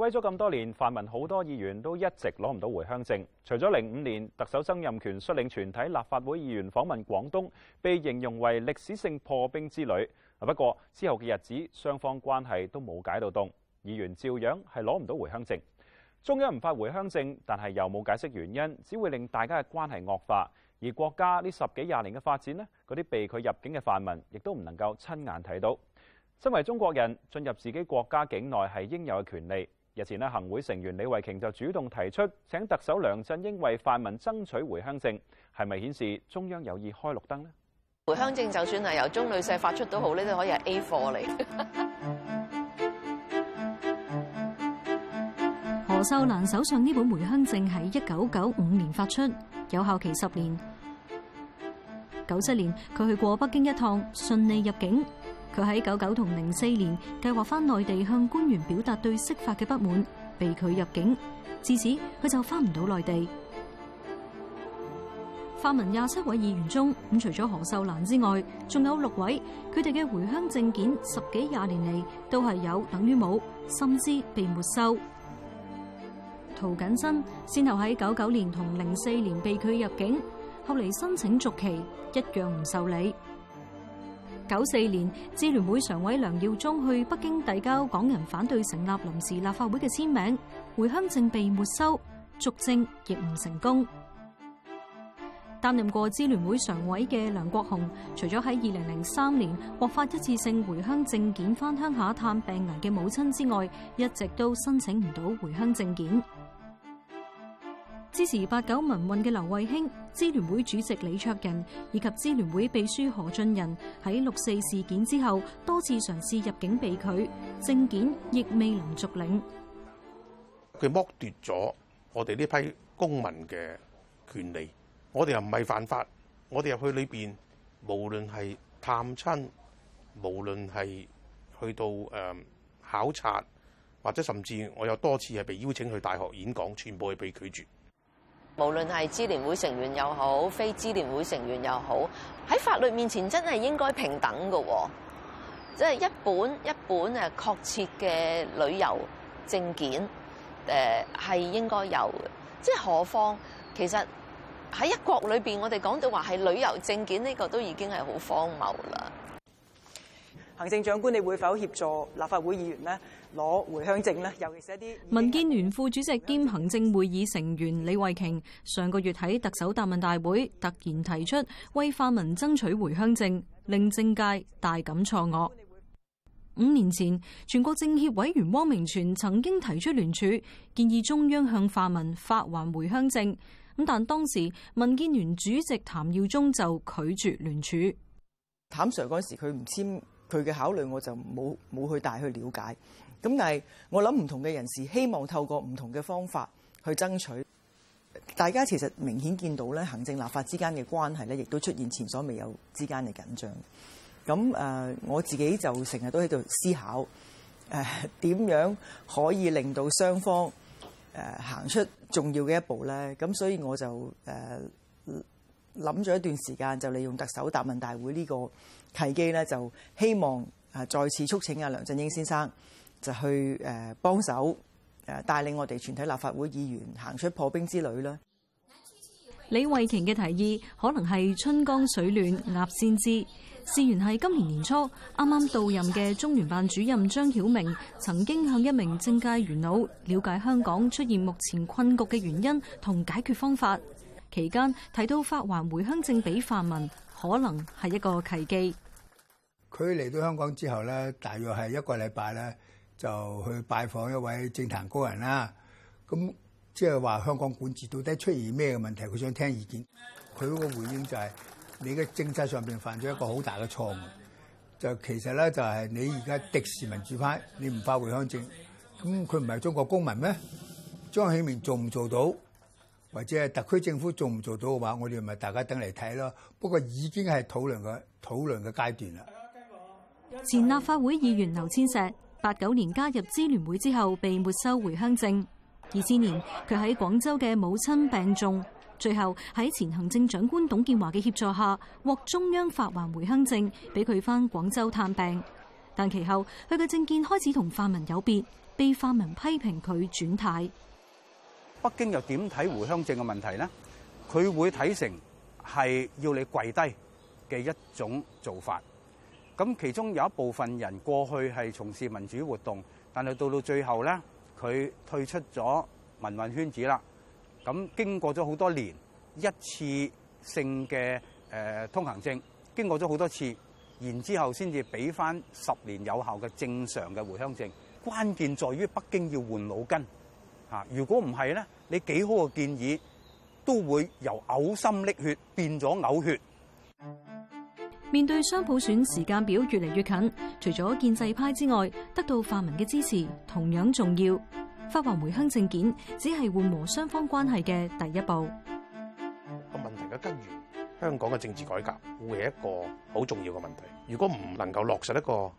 歸咗咁多年，泛民好多議員都一直攞唔到回鄉證。除咗零五年，特首曾蔭權率領全體立法會議員訪問廣東，被形容為歷史性破冰之旅。不過之後嘅日子，雙方關係都冇解到凍，議員照樣係攞唔到回鄉證。中央唔發回鄉證，但係又冇解釋原因，只會令大家嘅關係惡化。而國家呢十幾廿年嘅發展咧，嗰啲被拒入境嘅泛民，亦都唔能夠親眼睇到。身為中國人，進入自己國家境內係應有嘅權利。日前行會成員李慧瓊就主動提出，請特首梁振英為泛民爭取回鄉證，係咪顯示中央有意開綠燈呢？回鄉證就算係由中旅社發出都好，呢、嗯、都可以係 A 貨嚟。何秀蘭手上呢本回鄉證喺一九九五年發出，有效期十年。九七年佢去過北京一趟，順利入境。佢喺九九同零四年計劃翻內地向官員表達對釋法嘅不滿，被拒入境，自此佢就翻唔到內地。泛民廿七位議員中，咁除咗何秀蘭之外，仲有六位，佢哋嘅回鄉證件十幾廿年嚟都係有等於冇，甚至被沒收。涂謹申先後喺九九年同零四年被拒入境，後嚟申請續期一樣唔受理。九四年，支聯會常委梁耀忠去北京遞交港人反對成立臨時立法會嘅簽名，回鄉證被沒收，續證亦唔成功。擔任過支聯會常委嘅梁國雄，除咗喺二零零三年獲發一次性回鄉證件返鄉下探病人嘅母親之外，一直都申請唔到回鄉證件。支持八九民運嘅劉慧卿、支聯會主席李卓人以及支聯會秘書何俊仁喺六四事件之後多次嘗試入境被拒，證件亦未能續領。佢剝奪咗我哋呢批公民嘅權利。我哋又唔係犯法，我哋入去裏邊，無論係探親，無論係去到誒考察，或者甚至我有多次係被邀請去大學演講，全部係被拒絕。無論係支聯會成員又好，非支聯會成員又好，喺法律面前真係應該平等嘅。即係一本一本誒確切嘅旅遊證件誒係應該有嘅。即係何況其實喺一國裏邊，我哋講到話係旅遊證件呢個都已經係好荒謬啦。行政長官，你會否協助立法會議員呢攞回鄉證呢？尤其是一啲民建聯副主席兼行政會議成員李慧瓊，上個月喺特首答問大會突然提出為泛民爭取回鄉證，令政界大感錯愕。五年前，全國政協委員汪明荃曾經提出聯署，建議中央向泛民發還回鄉證，咁但當時民建聯主席譚耀宗就拒絕聯署。譚 Sir 嗰時佢唔簽。佢嘅考慮我就冇冇去大去了解，咁但係我諗唔同嘅人士希望透過唔同嘅方法去爭取，大家其實明顯見到咧行政立法之間嘅關係咧，亦都出現前所未有之間嘅緊張。咁誒我自己就成日都喺度思考誒點樣可以令到雙方誒、啊、行出重要嘅一步咧？咁所以我就、啊諗咗一段時間，就利用特首答問大會呢個契機呢，就希望啊再次促請啊梁振英先生就去誒幫手誒帶領我哋全體立法會議員行出破冰之旅啦。李慧瓊嘅提議可能係春江水暖鴨先知，事源係今年年初啱啱到任嘅中聯辦主任張曉明曾經向一名政界元老了解香港出現目前困局嘅原因同解決方法。期間睇到發還回鄉證俾泛民，可能係一個契機。佢嚟到香港之後咧，大約係一個禮拜咧，就去拜訪一位政壇高人啦。咁即係話香港管治到底出現咩嘅問題，佢想聽意見。佢嗰個回應就係、是：你嘅政制上邊犯咗一個好大嘅錯誤。就其實咧，就係你而家的士民主派，你唔發回鄉證，咁佢唔係中國公民咩？張曉明做唔做到？或者係特區政府做唔做到嘅話，我哋咪大家等嚟睇咯。不過已經係討論嘅討論嘅階段啦。前立法會議員劉千石，八九年加入支聯會之後被沒收回鄉證。二千年佢喺廣州嘅母親病重，最後喺前行政長官董建華嘅協助下，獲中央發還回鄉證，俾佢翻廣州探病。但其後佢嘅政見開始同泛民有別，被泛民批評佢轉軚。北京又點睇回鄉證嘅問題咧？佢會睇成係要你跪低嘅一種做法。咁其中有一部分人過去係從事民主活動，但係到到最後咧，佢退出咗民運圈子啦。咁經過咗好多年，一次性嘅誒通行證經過咗好多次，然之後先至俾翻十年有效嘅正常嘅回鄉證，關鍵在於北京要換腦筋。啊！如果唔係咧，你幾好嘅建議都會由嘔心瀝血變咗嘔血。面對雙普選時間表越嚟越近，除咗建制派之外，得到泛民嘅支持同樣重要。發還回鄉證件只係緩和雙方關係嘅第一步。個問題嘅根源，香港嘅政治改革會係一個好重要嘅問題。如果唔能夠落實一個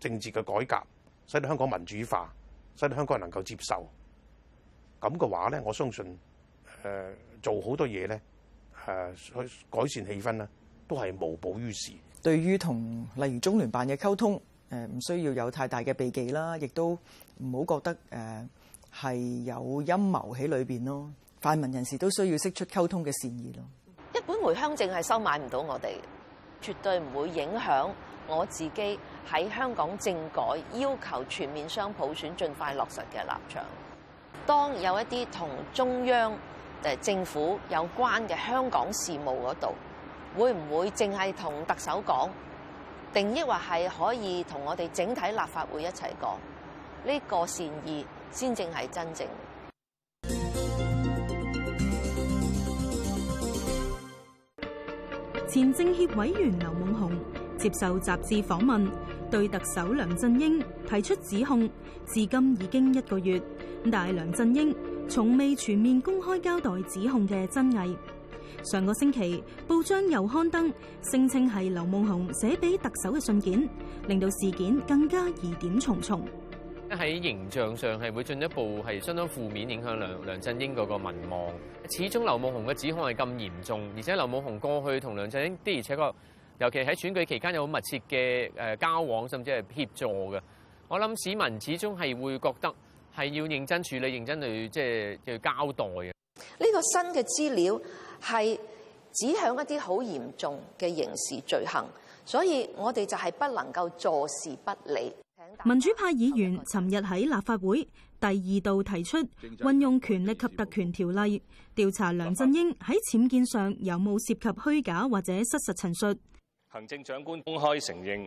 政治嘅改革，使到香港民主化，使到香港人能夠接受。咁嘅話咧，我相信、呃、做好多嘢咧，去、呃、改善氣氛啦，都係無補於事。對於同例如中聯辦嘅溝通，唔、呃、需要有太大嘅避忌啦，亦都唔好覺得係、呃、有陰謀喺裏面咯。泛民人士都需要釋出溝通嘅善意咯。一本回鄉證係收買唔到我哋，絕對唔會影響我自己喺香港政改要求全面雙普選、盡快落實嘅立場。當有一啲同中央誒政府有關嘅香港事務嗰度，會唔會淨係同特首講，定抑或係可以同我哋整體立法會一齊講？呢個善意，先正係真正。前政協委員劉夢熊接受雜誌訪問，對特首梁振英提出指控，至今已經一個月。咁但係梁振英從未全面公開交代指控嘅真偽。上個星期報章又刊登聲稱係劉夢熊寫俾特首嘅信件，令到事件更加疑點重重。喺形象上係會進一步係相當負面影響，影響梁梁振英嗰個民望。始終劉夢熊嘅指控係咁嚴重，而且劉夢熊過去同梁振英的而且確，尤其喺選舉期間有好密切嘅誒交往，甚至係協助嘅。我諗市民始終係會覺得。係要認真處理、認真去即係去交代嘅。呢個新嘅資料係指向一啲好嚴重嘅刑事罪行，所以我哋就係不能夠坐視不理。民主派議員尋日喺立法會第二度提出運用權力及特權條例調查梁振英喺僭建上有冇涉及虛假或者失實陳述。行政長官公開承認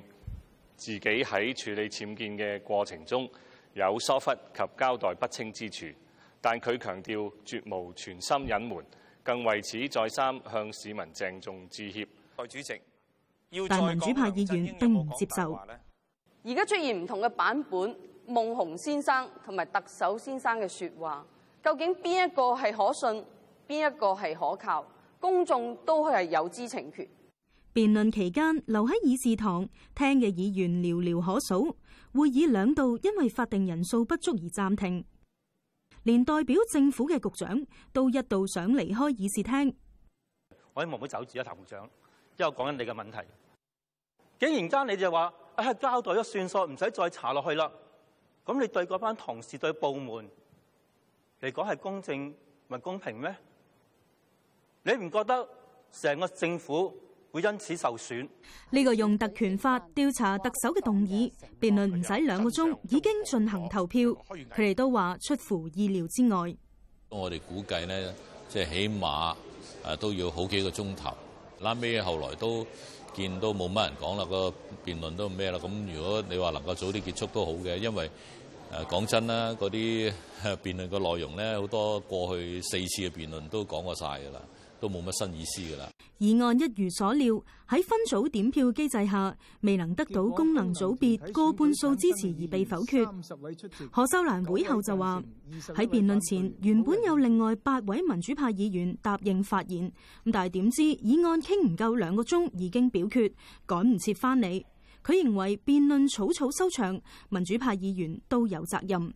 自己喺處理僭建嘅過程中，有疏忽及交代不清之處，但佢強調絕無全心隱瞞，更為此再三向市民鄭重致歉。代主席，要但民主派議員並唔接受。而家出現唔同嘅版本，夢熊先生同埋特首先生嘅説話，究竟邊一個係可信，邊一個係可靠？公眾都係有知情權。辯論期間留喺議事堂聽嘅議員寥寥可數。會議兩度因為法定人數不足而暫停，連代表政府嘅局長都一度想離開議事廳。我唔好唔好走住，啦，譚局長，因為我講緊你嘅問題，竟然間你就話、哎、交代咗算數，唔使再查落去啦。咁你對嗰班同事、對部門嚟講係公正唔公平咩？你唔覺得成個政府，會因此受損。呢個用特權法調查特首嘅動議，辯論唔使兩個鐘，已經進行投票。佢哋都話出乎意料之外。我哋估計呢，即係起碼啊都要好幾個鐘頭。拉尾後來都見到冇乜人講啦，個辯論都咩啦。咁如果你話能夠早啲結束都好嘅，因為誒講真啦，嗰啲辯論個內容咧，好多過去四次嘅辯論都講過晒㗎啦。都冇乜新意思㗎喇。議案一如所料，喺分組點票機制下，未能得到功能組別過半數支持而被否決。何秀蘭會後就話：喺辯論前，原本有另外八位民主派議員答應發言，咁但係點知議案傾唔夠兩個鐘已經表決，趕唔切翻嚟。佢認為辯論草草收場，民主派議員都有責任。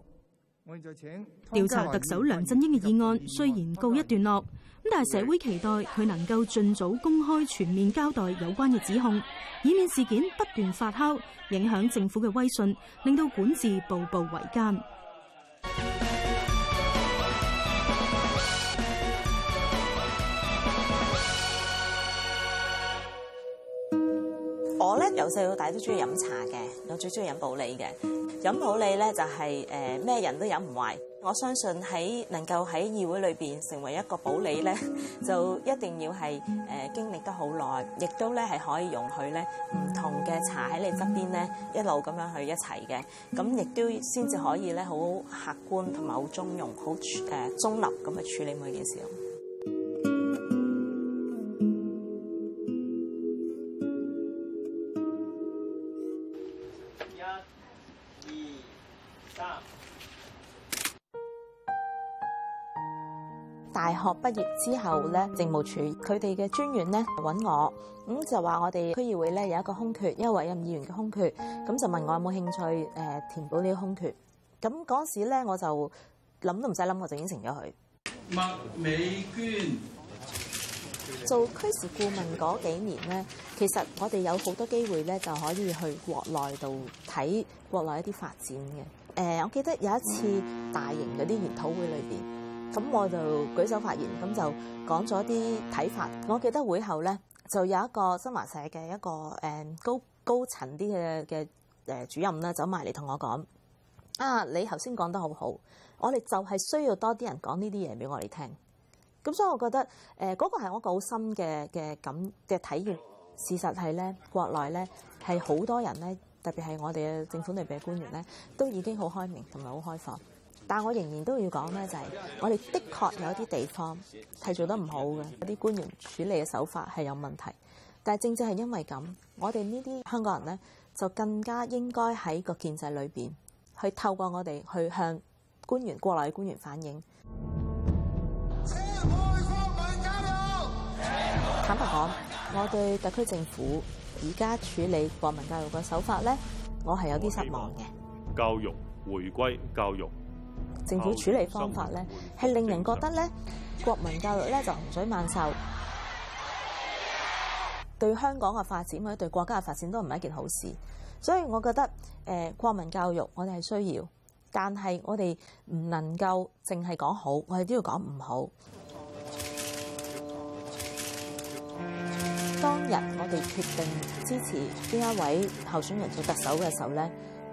我現在請調查特首梁振英嘅議案，雖然告一段落。但係社會期待佢能夠盡早公開全面交代有關嘅指控，以免事件不斷發酵，影響政府嘅威信，令到管治步步維艱。我咧由細到大都中意飲茶嘅，我最中意飲普洱嘅。飲普洱咧就係誒咩人都飲唔壞。我相信喺能夠喺議會裏邊成為一個保理咧，就一定要係誒、呃、經歷得好耐，亦都咧係可以容許咧唔同嘅茶喺你側邊咧一路咁樣去一齊嘅，咁亦都先至可以咧好客觀同埋好中庸，好誒中立咁去處理每件事情。一、二、三。大學畢業之後咧，政務處佢哋嘅專員咧揾我，咁就話我哋區議會咧有一個空缺，因為委任議員嘅空缺，咁就問我有冇興趣誒填補呢個空缺。咁嗰時咧，我就諗都唔使諗，我就應承咗佢。麥美娟做區事顧問嗰幾年咧，其實我哋有好多機會咧，就可以去國內度睇國內一啲發展嘅。誒，我記得有一次大型嗰啲研討會裏邊。咁我就舉手發言，咁就講咗啲睇法。我記得會後咧，就有一個新華社嘅一個高高層啲嘅嘅主任呢，走埋嚟同我講：啊，你頭先講得好好，我哋就係需要多啲人講呢啲嘢俾我哋聽。咁所以，我覺得呃嗰個係我一個好深嘅嘅感嘅體驗。事實係咧，國內咧係好多人咧，特別係我哋嘅政府裏邊嘅官員咧，都已經好開明同埋好開放。但我仍然都要講咧，就係我哋的確有一啲地方係做得唔好嘅，有啲官員處理嘅手法係有問題，但係正正係因為咁，我哋呢啲香港人咧就更加應該喺個建制裏邊去透過我哋去向官員，國內嘅官員反映。坦白講，我對特區政府而家處理國民教育嘅手法咧，我係有啲失望嘅。教育，回歸教育。政府處理方法咧，係令人覺得咧，國民教育咧就洪水猛獸，對香港嘅發展或者對國家嘅發展都唔係一件好事。所以，我覺得誒國民教育我哋係需要，但係我哋唔能夠淨係講好，我哋都要講唔好。當日我哋決定支持邊一位候選人做特首嘅時候咧，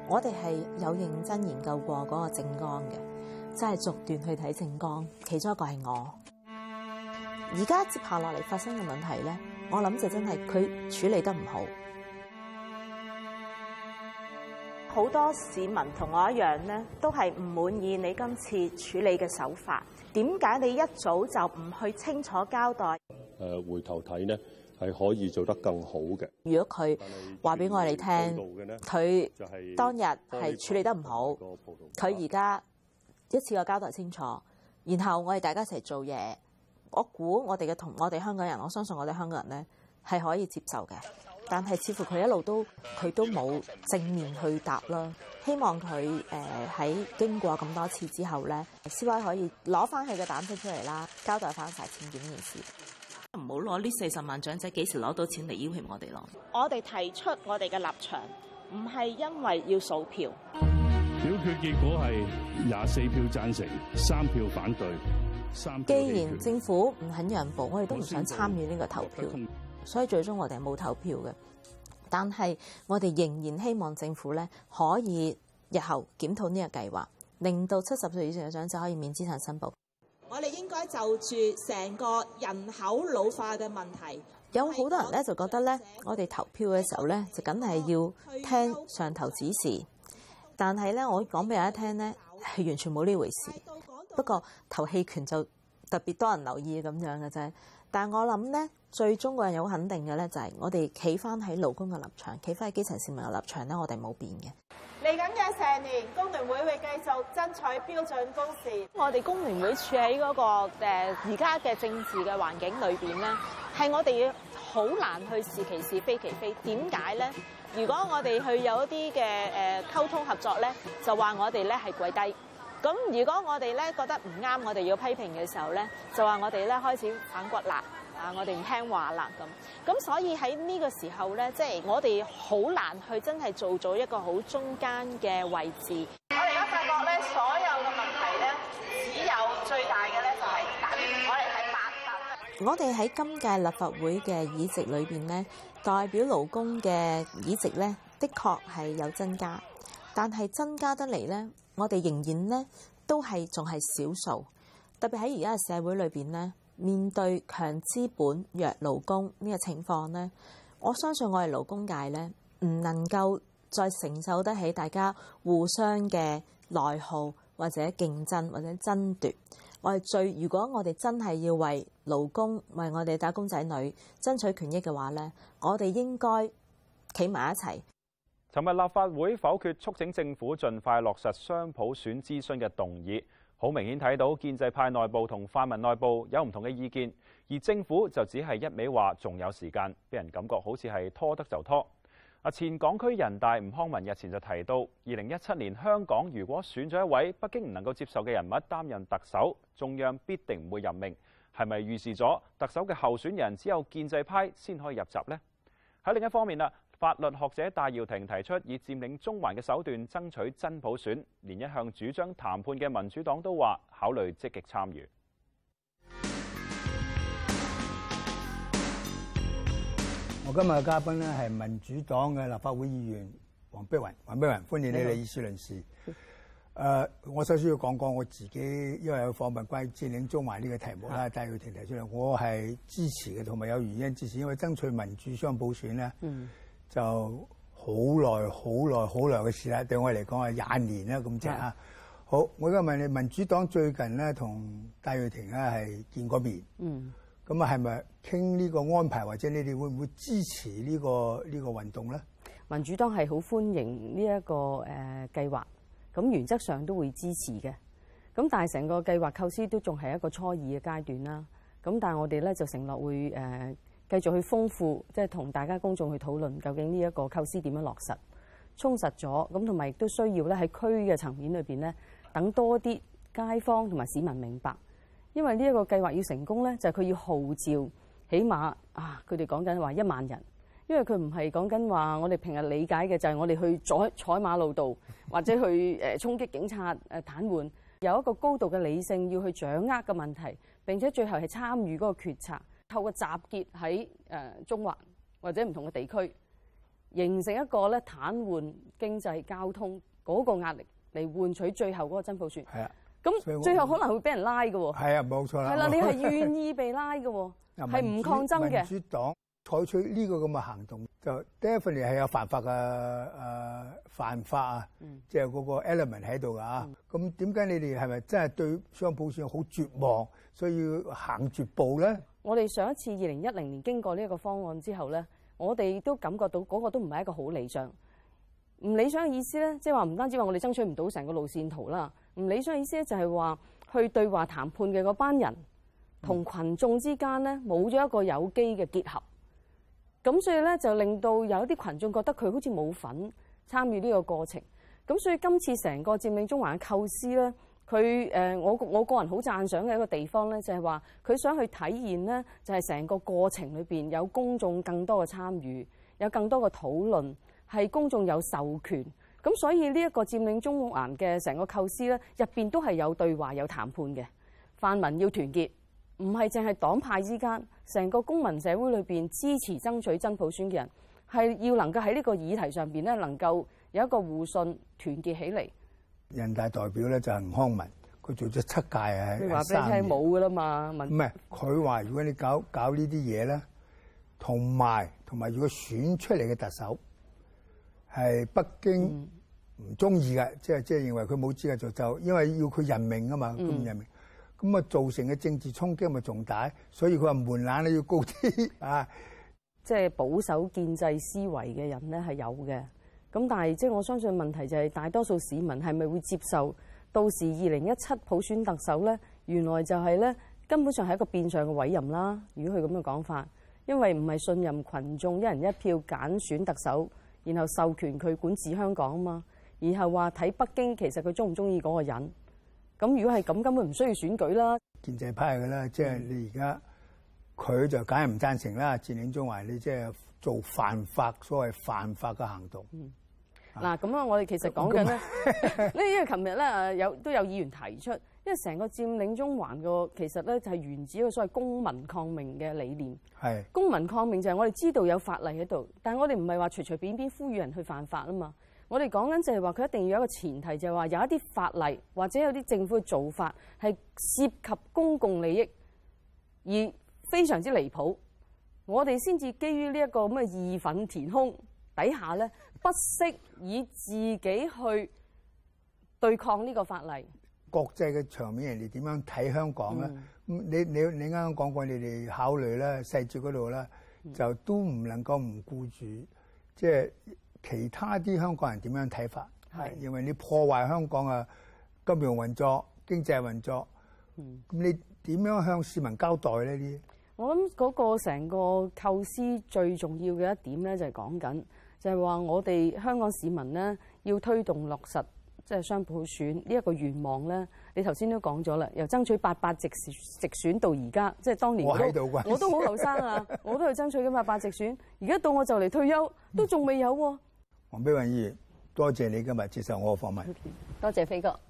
我哋係有認真研究過嗰個政綱嘅。真係逐段去睇情況，其中一個係我。而家接下落嚟發生嘅問題咧，我諗就真係佢處理得唔好。好多市民同我一樣咧，都係唔滿意你今次處理嘅手法。點解你一早就唔去清楚交代？誒，回頭睇咧係可以做得更好嘅。如果佢話俾我哋聽，佢、就係、當日係處理得唔好，佢而家。一次個交代清楚，然後我哋大家一齊做嘢。我估我哋嘅同我哋香港人，我相信我哋香港人咧係可以接受嘅。但係似乎佢一路都佢都冇正面去答啦。希望佢誒喺經過咁多次之後咧，CY 可以攞翻佢嘅膽識出嚟啦，交代翻晒僭建呢件事。唔好攞呢四十萬長者幾時攞到錢嚟要脅我哋咯！我哋提出我哋嘅立場，唔係因為要數票。表決結果係廿四票贊成，三票反對票票。既然政府唔肯讓步，我哋都唔想參與呢個投票，所以最終我哋係冇投票嘅。但係我哋仍然希望政府咧可以日後檢討呢個計劃，令到七十歲以上嘅長者可以免資產申報。我哋應該就住成個人口老化嘅問題，有好多人咧就覺得咧，我哋投票嘅時候咧就梗係要聽上頭指示。但係咧，我講俾人聽咧，係完全冇呢回事。不過投棄權就特別多人留意咁樣嘅啫。但係我諗咧，最終個人有肯定嘅咧，就係我哋企翻喺勞工嘅立場，企翻喺基層市民嘅立場咧，我哋冇變嘅。嚟緊嘅成年工聯會會繼續爭取標準工時。我哋工聯會處喺嗰個誒而家嘅政治嘅環境裏邊咧，係我哋好難去是其是非其非。點解咧？如果我哋去有一啲嘅誒溝通合作咧，就話我哋咧係跪低。咁如果我哋咧覺得唔啱，我哋要批評嘅時候咧，就話我哋咧開始反骨啦，啊我哋唔聽話啦咁。咁所以喺呢個時候咧，即係我哋好難去真係做咗一個好中間嘅位置。我哋喺今屆立法會嘅議席裏邊呢，代表勞工嘅議席呢，的確係有增加，但係增加得嚟呢，我哋仍然呢，都係仲係少數，特別喺而家嘅社會裏邊呢，面對強資本、弱勞工呢個情況呢，我相信我哋勞工界呢，唔能夠再承受得起大家互相嘅內耗或者競爭或者爭奪。我係最。如果我哋真係要為勞工、為我哋打工仔女爭取權益嘅話咧，我哋應該企埋一齊。尋日立法會否決促請政府盡快落實雙普選諮詢嘅動議，好明顯睇到建制派內部同泛民內部有唔同嘅意見，而政府就只係一味話仲有時間，俾人感覺好似係拖得就拖。啊！前港區人大吳康民日前就提到，二零一七年香港如果選咗一位北京唔能夠接受嘅人物擔任特首，中央必定唔會任命，係咪預示咗特首嘅候選人只有建制派先可以入閘呢？喺另一方面，法律學者戴耀廷提出以佔領中環嘅手段爭取真普選，連一向主張談判嘅民主黨都話考慮積極參與。我今日嘅嘉賓咧係民主黨嘅立法會議員黃碧雲，黃碧雲，歡迎你嚟《議事論事》呃。誒，我首先要講講我自己，因為有訪問關於佔領中環呢個題目啦，戴耀廷提出嚟，我係支持嘅，同埋有原因支持，因為爭取民主雙普選咧、嗯，就好耐、好耐、好耐嘅事啦。對我嚟講係廿年啦，咁啫嚇。好，我而家問你，民主黨最近咧同戴耀廷咧係見過面？嗯咁啊，係咪傾呢個安排，或者你哋會唔會支持呢、這個呢、這個運動咧？民主黨係好歡迎呢、這、一個誒、呃、計劃，咁原則上都會支持嘅。咁但係成個計劃構思都仲係一個初二嘅階段啦。咁但係我哋咧就承諾會誒、呃、繼續去豐富，即、就、係、是、同大家公眾去討論究竟呢一個構思點樣落實，充實咗。咁同埋亦都需要咧喺區嘅層面裏邊咧，等多啲街坊同埋市民明白。因為呢一個計劃要成功呢就係、是、佢要號召，起碼啊，佢哋講緊話一萬人。因為佢唔係講緊話我哋平日理解嘅，就係我哋去踩踩馬路度，或者去誒衝擊警察誒癱瘓，有一個高度嘅理性要去掌握嘅問題。並且最後係參與嗰個決策，透過集結喺誒中環或者唔同嘅地區，形成一個咧癱瘓經濟交通嗰個壓力，嚟換取最後嗰個真普選。係啊。咁最後可能會俾人拉嘅喎，係啊，冇錯啦。係啦，啊，你係願意被拉嘅喎，係 唔抗爭嘅。民主黨採取呢個咁嘅行動，就 definitely 係有犯法嘅誒、啊，犯法啊，即係嗰個 element 喺度㗎啊。咁點解你哋係咪真係對雙普選好絕望，嗯，所以要行絕步咧？我哋上一次二零一零年經過呢一個方案之後咧，我哋都感覺到嗰個都唔係一個好理想。唔理想嘅意思咧，即係話唔單止話我哋爭取唔到成個路線圖啦。唔理想嘅意思就係話，去對話談判嘅嗰班人同群眾之間咧，冇咗一個有機嘅結合，咁所以咧就令到有一啲群眾覺得佢好似冇份參與呢個過程。咁所以今次成個佔領中環嘅構思咧，佢、誒我我個人好讚賞嘅一個地方咧，就係話，佢想去體現咧，就係成個過程裏邊有公眾更多嘅參與，有更多嘅討論，係公眾有授權。咁所以呢一個佔領中環嘅成個構思咧，入邊都係有對話有談判嘅。泛民要團結，唔係淨係黨派之間，成個公民社會裏邊支持爭取真普選嘅人，係要能夠喺呢個議題上邊咧，能夠有一個互信團結起嚟。人大代表咧就係吳康民，佢做咗七屆啊，三年。你話俾你聽冇㗎啦嘛？唔係佢話，如果你搞搞呢啲嘢咧，同埋同埋如果選出嚟嘅特首係北京、嗯。唔中意嘅，即係即係認為佢冇資格做，就因為要佢任命啊嘛，咁任命咁啊，嗯、造成嘅政治衝擊咪仲大，所以佢話門檻咧要高啲啊。即係保守建制思維嘅人咧係有嘅，咁但係即係我相信問題就係大多數市民係咪會接受到時二零一七普選特首咧？原來就係咧根本上係一個變相嘅委任啦。如果佢咁嘅講法，因為唔係信任群眾一人一票揀選，選特首，然後授權佢管治香港啊嘛。然後話睇北京，其實佢中唔中意嗰個人。咁如果係咁，根本唔需要選舉啦。建制派嘅啦，即係你而家佢就梗係唔贊成啦。佔領中環，你即係做犯法，所謂犯法嘅行動。嗱、嗯，咁啊，啊啊我哋其實講緊咧，呢，因為琴日咧有都有議員提出，因為成個佔領中環個其實咧就係源自一個所謂公民抗命嘅理念。係公民抗命就係我哋知道有法例喺度，但係我哋唔係話隨隨便便呼籲人去犯法啊嘛。我哋講緊就係話，佢一定要有一個前提，就係話有一啲法例或者有啲政府嘅做法係涉及公共利益而非常之離譜，我哋先至基於呢一個咁嘅義憤填膺底下咧，不惜以自己去對抗呢個法例。國際嘅場面，人哋點樣睇香港咧、嗯？你剛剛過你你啱啱講過，你哋考慮咧細節嗰度咧，就都唔能夠唔顧住，即係。其他啲香港人點樣睇法？係認為你破壞香港嘅金融運作、經濟運作，咁你點樣向市民交代呢啲？我諗嗰個成個構思最重要嘅一點咧，就係講緊，就係話我哋香港市民咧，要推動落實即係雙普選呢一個願望咧。你頭先都講咗啦，由爭取八八直直選到而家，即係當年我喺度啊，我都好後生啊，我都係 爭取緊八八直選，而家到我就嚟退休，都仲未有喎。黃碧雲議員，多謝你今日接受我嘅訪問。多謝飛哥。Okay.